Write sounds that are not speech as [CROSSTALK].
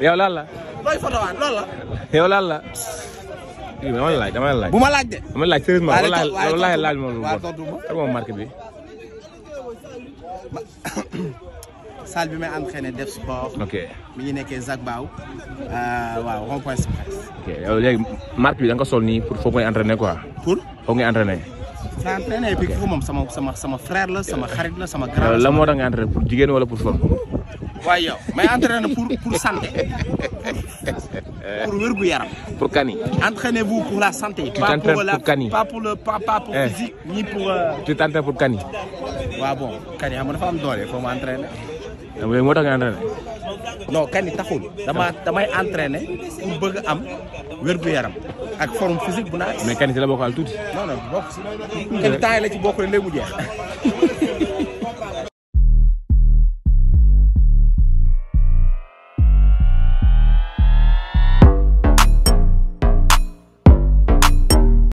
yow lan la. looy fotowaat loolu la. yow lan la. dama la laaj dama la laaj. bu ma laaj de. dama la laaj sérieusement wallaahi laaj moom lu bon moom marque bi. [COUGHS] salle bi may entraîné def sport. ok mi ngi nekkee Zac Baaw. Euh, waaw rond point express. ok yow léegi marque bi da nga ko sol nii pour foog ngay entraîné quoi. pour foog ngay entraîné. saa entraîné et puis moom sama sama sama frère la sama xarit la sama grand la. la moo tax nga entraîné pour jigéen wala pour femme. waaye mais entraînez entraîner pour pour santé pour wér yaram. pour Kani. entraînez-vous pour la santé. tu t'entraînes pour pas pour la pas pour le papa, pour eh. physique. ni pour. Euh, tu t'entraînes pour Kani. waaw bon Kani, xam nga dafa am doole foo ma entraîner. yooyu eh, moo tax nga entraîner. non Kany taxul. dama damay entraîner pour bëgg am wér yaram ak forme physique bu naaj. mais Kany si la bokkal tuuti. non non bokk si. temps yi la ci bokkule léegi mu [LAUGHS]